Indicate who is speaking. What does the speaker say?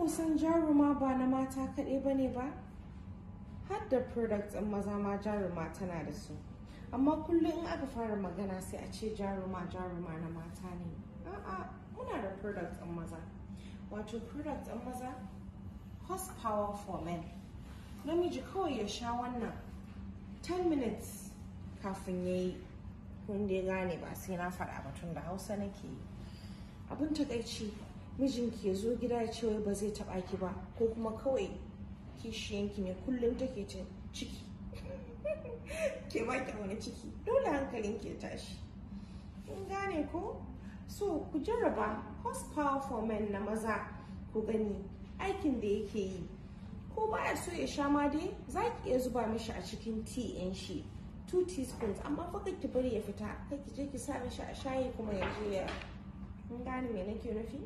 Speaker 1: kusan jaruma ba na mata kaɗai ba ne ba har da product ɗin maza ma jaruma tana da su amma kullum in aka fara magana sai a ce jaruma jaruma na mata ne a'a muna da products ɗin maza wato products ɗin maza Power for men namiji kawai ya sha wannan 10 minutes kafin ya yi kun dai gane ba sai na faɗa ba tun da hausa nake yi abin takaici mijinki ya zo gida ya ce wai ba zai taba ki ba ko kuma kawai kishiyanki ne kullum take cin ciki ke ba ki wani ciki dole hankalin ke tashi kun gane ko so ku jarraba horsepower for men na maza ku gani aikin da yake yi ko ya so ya sha ma dai za ki iya zuba mishi a cikin tea in shi two teaspoons amma fa ki bari ya fita kai ki je ki sa mishi a shayi kuma ya je ya kun gane me nake nufi